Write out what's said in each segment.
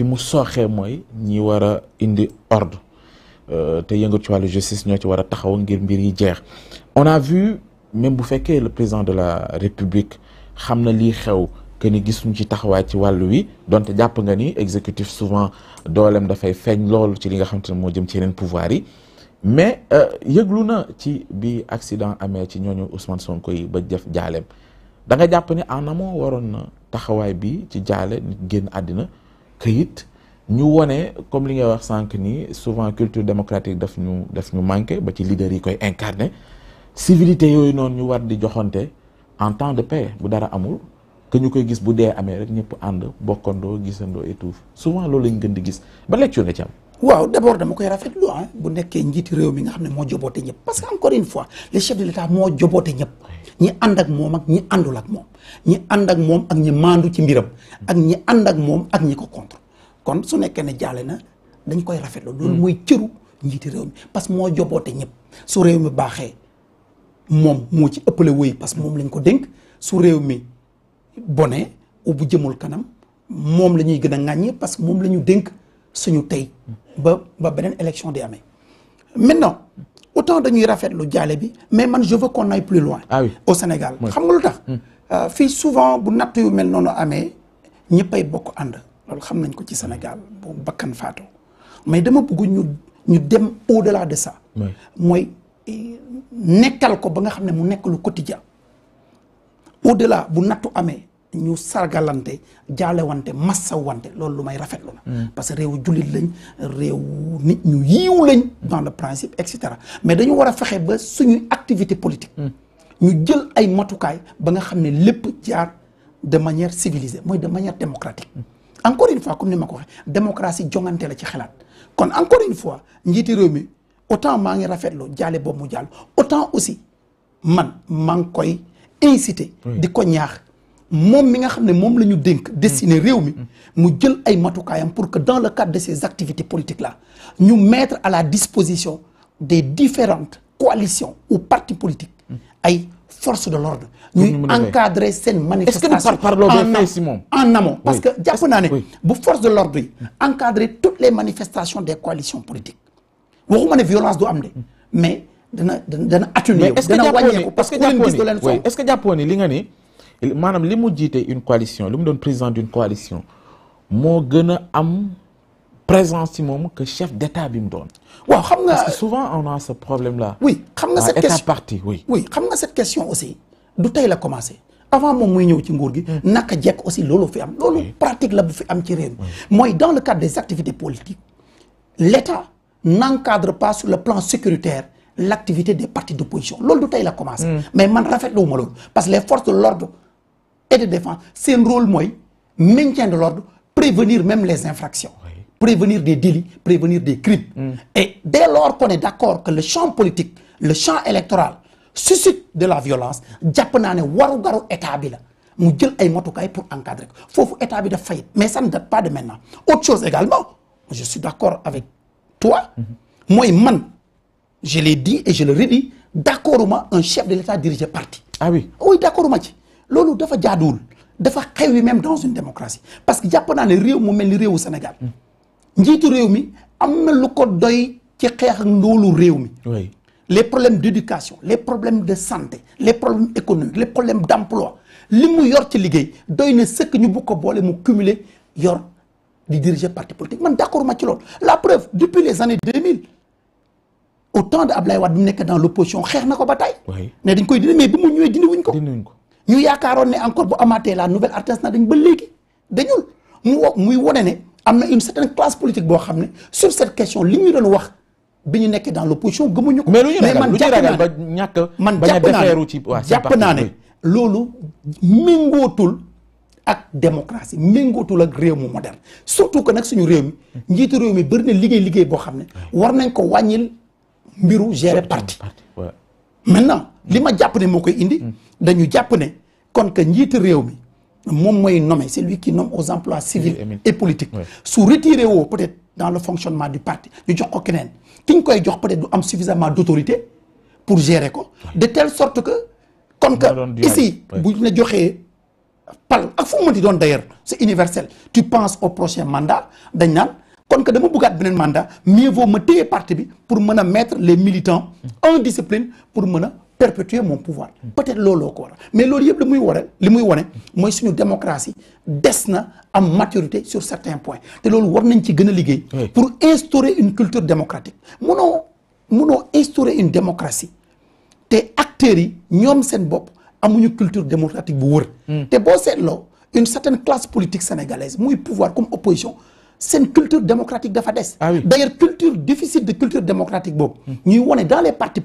fi mu sooxee mooy ñi war a indi ordre euh, te yëngat ci wàllu justice ñoo ci war a taxaw ngir mbir yi jeex on a vu même bu fekkee le président de la république xam na lii xew que ni gisuñ ci taxawaay ci wàllu wi donte jàpp nga ni exécutif souvent dooleem dafay feeñ lool ci li nga xam xamante ne moo jëm ci yeneen pouvoir yi mais euh, yëglu na ci bi accident amee ci ñooñu Ousmane Sonko yi ba def jaaleem danga jàpp ni en amont waroon na taxawaay bi ci jaale nit génn àddina këyit ñu wone comme li ngay wax sànq nii souvent culture démocratique daf ñu daf ñu manqué ba ci leader yi koy incarné civilité yooyu noonu ñu war di joxante en temps de paix bu dara amul que ñu koy gis bu dee amee rek ñëpp ànd bokkandoo gisandoo et tout souvent loolu lañ gën di gis ba lecture nga ci waaw d' abord dama koy rafetlu ah bu nekkee njiiti réew mi nga xam ne moo joboote ñëpp parce que encore une fois le chef de l' état moo joboote ñëpp ñi ànd ak moom ak ñi àndul ak moom ñi ànd ak moom ak ñi maandu ci mbiram ak ñi ànd ak moom ak ñi ko contre kon su nekkee ne jaale na dañ koy rafetlu loolu hmm. mooy cëru njiiti réew mi parce que moo joboote ñëpp su réew mi baaxee moom moo ci ëppale woy parce que moom lañ ko dénk su réew mi bone ou bu jëmul kanam moom la ñuy gën a ŋàññi parce que moom la ñu dénk suñu tey ba ba beneen élection di amee maintenant autant dañuy rafetlu jaale bi mais man je veux qu'on aille plus loin ah au Sénégal xam nga lu tax hmm. euh, fii souvent bu natt yu mel noonu amee ñëppay bokk ànd loolu xam nañ ko ci Sénégal bu bakkan faatoo mais dama bëgg ñu ñu dem au de la de ça mooy nekkal ko ba nga xam ne mu nekk lu quotidien au la bu nattu amee ñu sargalante jaalewante wante loolu lu may rafetlu la. Mm. parce que réewu jullit lañ réew nit ñu yiiw lañ. dans le principe et cetera mais dañu war a fexe ba suñuy activité politique. Mm. ñu jël ay matukaay ba nga xam ne lépp jaar de manière civilisée mooy de manière démocratique. Mm. encore une fois comme ni ma ko waxee démocratie jongante la ci xalaat kon encore une fois njiiti réew mi autant maa ngi rafetlu jaale boobu mu jàll autant aussi man maa ngi koy incité. di ko ñaax. moom mi nga xam ne moom la ñu dénk destiné mm. réew mi mm. mu jël ay matukaayam pour que dans le cadre de ces activités politiques là ñu mettre à la disposition des différentes coalitions ou partis politiques mm. ay force de l'ordre ñuy encadrer seen manifestation en amont parce que jàpp naa ne bu force de l'ordre yi encadrer les manifestations des coalitions politiques waxuma ne violence du am de mais dana dana atténuer dana wàññeeku parce que leen gis li nga ni maanaam li mu jiite une coalition li mu doon président d'une coalition moo gën a am présence ci moom que chef d'état bi mu doon. waaw xam nga souvent on a ce problème là. oui nga cette question parti oui. xam nga cette question aussi du tey la commencé. avant moom muy ñëw ci nguur gi hmm. naka jekk aussi loolu fi am loolu pratique la bu fi am ci réew mi mooy dans le cadre des activités politiques l'État n'encadre pas sur le plan sécuritaire l'activité des partis d'opposition loolu du tey la commencé hmm. mais man rafetluwuma loolu parce que les forces de et de défense seen rôle mooy maintien de l'ordre prévenir même les infractions prévenir des délits prévenir des crimes mm. et dès lors qu'on est d'accord que le champ politique le champ électoral suscite de la violence jàpp naa ne warugaru état bi la mu jël ay motukaay pour encadrer ko foofu état bi daf fayit mais ça ne date pas de maintenant autre chose également je suis d'accord avec toi mm-hmm. mooy man je l'ai dit et je le redis d'accorduma un chef de l'état dirigé parti ah ci loolu dafa jaaduwul dafa xewi même dans une démocratie parce que jàpp naa ne réew mu mel ni réewu Sénégal hmm. njiitu réew mi am na lu ko doy ci xeex ak ndoolu réew mi. oui les problèmes d'éducation les problèmes de santé les problèmes économiques les problèmes d'emploi li mu yor ci liggéey doy na sëkk ñu bu ko boole mu cumuler yor di diriger parti politique man d'accord ma ci loolu la preuve depuis les années 2000 au temps de Ablaye Wade bi mu nekk dans l'opposition xeex na ko ba tey. ne koy dindi mais bi mu ñëwee wuñ ko. dindi ko. ñu yaakaaroon ne encore bu amaatee la nouvelle artisanat dañ ba léegi dañul mu wo muy wone ne am na une certaine classe politique boo xam ne sur cette li ñu doon wax bi ñu nekkee dans l'opposition gëmuñu ko. mais lu ñu ragal lu ñu ragal ba ñàkk man jàpp naa ne jàpp naa ne loolu méngootul ak démocratie méngootul ak réew mu moderne surtout que nag suñu réew mi njiitu réew mi bëri na liggéey liggéey boo xam ne war nañ ko wàññil mbiru gérer parti maintenant li ma jàpp ne moo koy indi dañu jàpp ne kon que njiitu réew mi moom mooy nommé c'est lui qui nomme aux emplois civils et politiques su retiré woo peut-être dans le fonctionnement du parti ñu jox ko keneen ki ñu koy jox peut-être du am suffisamment d'autorité pour gérer ko de telle sorte que kon que ici bu ñu la joxee pal ak fu mu mënti doon d'ailleurs c'est universel tu penses au prochain mandat dañ naan kon que dama bëggaat beneen mandat mieux vaut ma téye parti bi pour mën a mettre les militants en pour mën a perpétuer mon pouvoir peut-être looloo ko waral mais loolu yëpp li muy waral li muy wane mooy suñu démocratie des na am maturité sur certains points te loolu war nañ ci gën a liggéey pour instaurer une culture démocratique munoo munoo instaurer une démocratie te acteurs yi ñoom seen bopp amuñu culture démocratique bu wër hmm. te boo seetloo une certaine classe politique sénégalaise muy pouvoir comme opposition seen culture démocratique dafa des ah d'ailleurs culture déficit de culture démocratique boobu hmm. ñuy wane dans les partis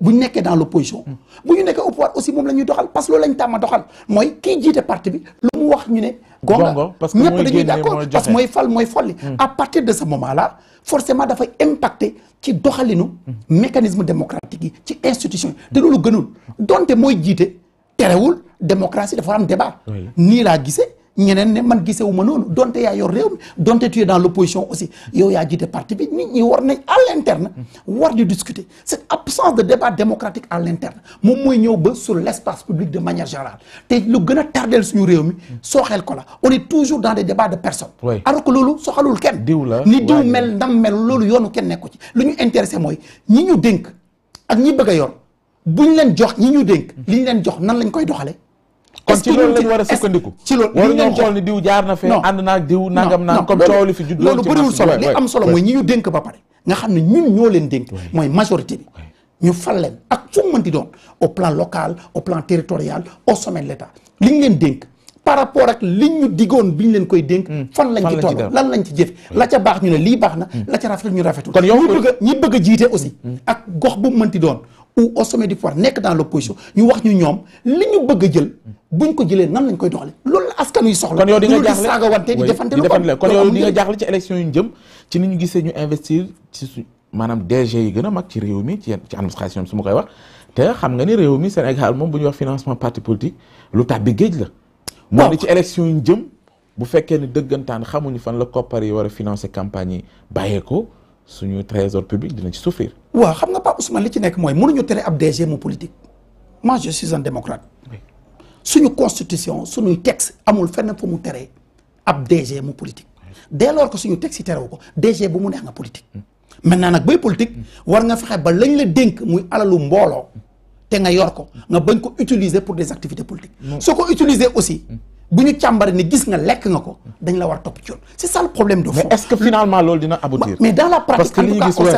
bu ñu nekkee dans l' opposition. Mm. bu ñu nekkee au pouvoir aussi moom lañuy doxal parce que loolu la ñu tàmm doxal mooy kii jiite parti bi lu mu wax ñu ne. gonga parce que ñëpp dañuy d' accord parce que mooy fal mooy folli. Mm. à partir de ce moment là forcément dafay impacter ci doxalinu. Mm. mécanisme démocratique yi ci institution yi. te loolu gënul donte mooy jiite terewul démocratie dafa am débat. nii laa gisee. ñeneen ne man gisewuma noonu donte yaa yor réew mi donte tu es dans l'opposition aussi yow yaa jiite parti bi nit ñi war nañ à l'interne war di discuter cette absence de débat démocratique à l'interne moom mooy ñëw ba sur l'espace public de manière générale te lu gën a tardeel suñu réew mi sooxeel ko la on est toujours dans des débats de personnes alors que loolu soxalul kenn diw la ni diw mel ndam mel loolu yoonu kenn nekku ci lu ñu intéressé mooy ñi ñu dénk ak ñi bëgg a yor buñ leen jox ñi ñu dénk li ñu leen jox nan lañ koy doxale kon ci loolu lañ war a sukkandiku ci loolu war ñoo xool ni diw jaar na fee ànd naag diw nangam naag comme coow li fi judd loolu bëriwul solo li am solo mooy ñi ñu ba pare nga xam ne ñun ñoo leen dénk mooy majorité bi ñu fal leen ak fu mu mënti doon au plan local au plan territorial au sommet de l' li ñu leen dénk par rapport ak li ñu digoon bi ñu leen koy dénk hmm. fan lañ ci toll lan lañ ci jëf la ca baax ñu ne lii baax na hmm. la ca rafetul ñu rafetul kon yow ñi bëgg a ñi bëgg a jiite aussi hmm. ak gox bu mënti doon ou au sommet du pouvoir nekk dans l'opposition ñu wax ñu ñoom li ñu bëgg a jël buñ ko jëlee nan lañ koy doxale loolu la askan wi soxla. kon yow di nga jaaxle saaga wante di defante ci élection yu ñu ci ni ñu gisee ñu investir ci su maanaam DG yi a mag ci réew mi ci ci administration su ma koy wax te xam nga ni réew mi Sénégal moom bu ñuy wax financement parti politique lu tàbbi géej la. moo ne ci élection yu ñu bu fekkee ni dëggantaan xamuñu fan la koppar yi war a financer campagne yi bàyyee ko suñu trésor public dina ci souffrir. waaw xam nga Pape Ousmane li ci nekk mooy mënuñu tere ab DG mu politique moi je suis un démocrate. suñu constitution suñuy texte amul fenn fu mu teree ab DG mu politique. dès ko que suñu texte yi terewu ko DG bu mu neex nga politique. Mm. maintenant nag bay politique mm. war nga fexe ba lañ la dénk muy alalu mbooloo te nga yor ko nga bañ ko utiliser pour des activités politiques. soo ko utiliser aussi. Mm. bu ñu càmbare ni gis nga lekk nga ko dañ la war a topp ci yoon c'est ça le problème de fond. mais est-ce que finalement loolu dina aboutir. mais dans la pratique en tout cas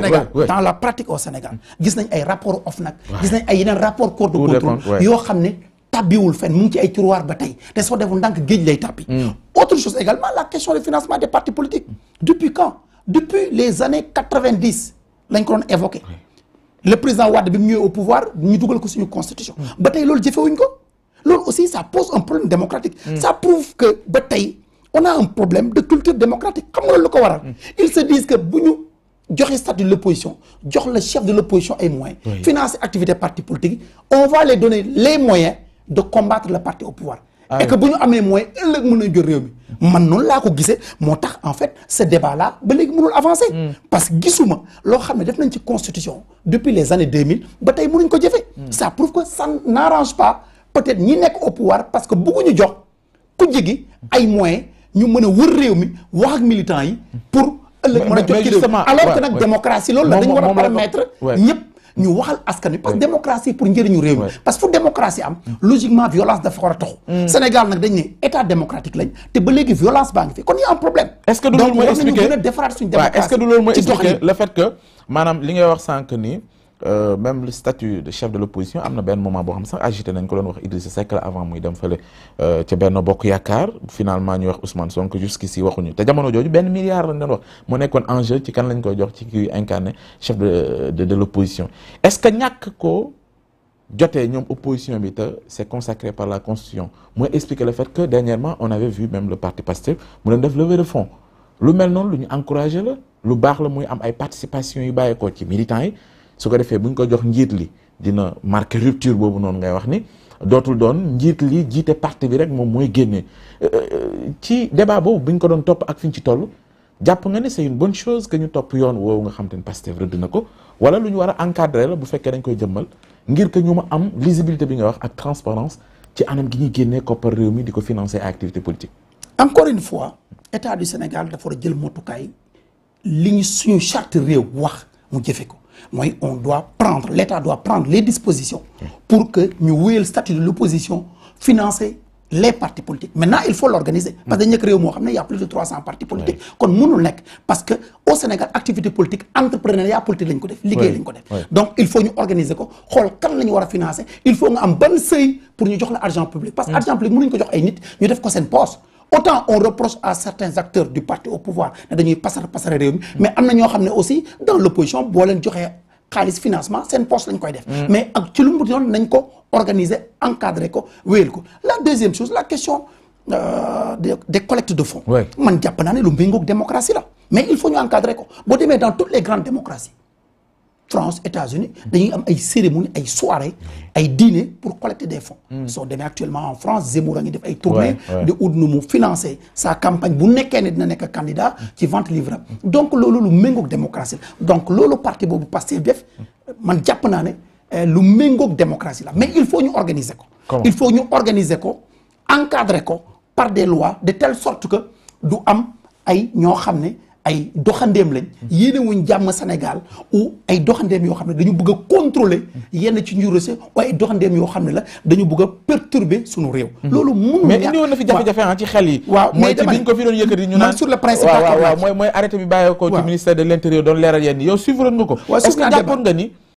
au Sénégal dans gis nañ ay rapport OFNAC gis nañ ay yeneen rapport corps de contrôle yoo xam ne tàbbiwul fenn mu ci ay tiroir ba tey te soo defoon ndànk géej lay tàbbi hmm. autre chose également la question du financement des partis politiques hmm. depuis quand depuis les années lañ ko doon évoqué le président Wade bi mu au pouvoir ñu dugal ko suñu constitution hmm. ba tey loolu jëfewuñ ko loolu aussi ça pose un problème démocratique. Mm. ça prouve que ba tey on a un problème de culture démocratique xam nga lu ko waral. Mm. ils se disent que bu ñu joxe statut de l'opposition jox la chef de l'opposition ay moyens. financer activité parti politique on va les donner les moyens de combattre le parti au pouvoir. Ah et que bu ñu amee moyen ëllëg mën nañ jël réew mi man noonu laa ko gisee moo tax en fait ce débat là ba léegi mënul avancer. Mm. parce que gisuma loo xam ne def nañ ci constitution depuis les années 2000 ba tey mënuñ ko jëfee. ça que ça peut-être ñi nekk ko pouvoir parce que bëgguñu jox ku jigi ay moyens ñu mën a wër réew mi wax ak yi a jot ci réew alors que a permettre ñëpp ñu parce que démocratie pour njëriñu réew mi parce que fu démocratie am logiquement violence dafa war a taxu mm. Sénégal nag dañ ne état démocratique lañ te ba léegi violence baa fi kon y a problème est-ce que du loolu mooy expliquer donc war nañu le fait que maanaam li ngay wax sànq nii Euh, même le statut de chef de l'opposition am na benn moment boo xam sax agité nañ ko doon wax Idrissa Seck la avant muy dem fële euh, ca benn bokk yaakaar finalement ñu wax Ousmane Sonko jusqu'ici waxuñu te jamono jooju benn milliard lañ doon wax mu nekkoon enjeu ci kan lañ koy jox ci kii incarné chef de l'opposition est-ce que ñàkk ko jotee ñoom opposition bi te c'est consacré par la constitution mooy expliquer le fait que dernièrement on avait vu même le parti Pastef mu leen def levée de fonds lu mel noonu lu ñu encouragé la lu baax la muy am ay participation yu bàyyeekoo ci militants yi su ko defee bu ñu ko jox njiit li dina marqué rupture boobu noonu ngay wax ni dootul doon njiit li jiite parti bi rek moom mooy génne euh, euh, ci débat boobu bu ñu ko doon topp ak fi ñu ci toll jàpp nga ne c'est une bonne chose que ñu topp yoon woowu nga xam te ne Pastef rëdd na ko wala lu ñu war a encadrer la bu fekkee dañ koy jëmmal ngir que ñu ma am lisibilité bi nga wax ak transparence ci anam gi ñuy génnee koppar réew mi di ko financé ay activité politique encore fois état du Sénégal dafa war a jël motukaay li ñu suñu charte réew wax mu jëfe ko mooy on doit prendre l' état doit prendre les dispositions pour que ñu wéyal statut de l' opposition financer les partis politiques maintenant il faut l'organiser parce que dañ nekk réew moo xam ne y' plus de 300 partis politiques kon mënul nekk parce que au Sénégal activité politique entrepreneuriat politique lañ ko def liggéey lañ ko def donc il faut ñu organiser ko xool kan la ñu war a financer il faut nga am ban seuil pour ñu jox la argent jox ay nit ñu def ko seen autant on reproche à certains acteurs du parti au pouvoir ne dañuy pasar pasare réew mi mais am na ñoo xam ne aussi dans l'opposition boo leen joxee xaalis financement seen poche lañ koy def mm. mais ak ci lu mu doon nañ ko organiser encadrer ko wéyal ko la deuxième chose la question euh, des, des collectes de fonds. man jàpp naa lu méngoog démocratie la mais il faut ñu encadrer ko boo demee dans toutes les grandes démocraties France États-Unis dañuy am ay cérémonie ay soirée ay dîner pour collecter des fonds hmm. soo demee actuellement en France Zemmour ngi def ay tournée di ut nu mu financé sa campagne bu nekkee ne dina nekk candidat ci vant livrable donc loolu lu méngoog démocratie la donc loolu parti boobu Pastef def man jàpp naa ne eh, lu méngoog démocratie la mais il faut ñu organiser ko il faut ñu organiser ko encadrer ko par des lois de telle sorte que du am ay ñoo xam ne ay doxandeem lañ yéene wuñ jàmm Sénégal ou ay doxandeem yoo xam ne dañu bëgg a contrôler yenn ci njurose ou ay doxandeem yoo xam ne la dañu bëgg a perturber suñu réew hmm. loolu mun mais indi woon na fi jafe-jafe ah ci xel yi ko sur le principe waaw waaw mooy mooy arrêté doon leeral yenn yow suivre nga ko est-ce que jàppoon nga ni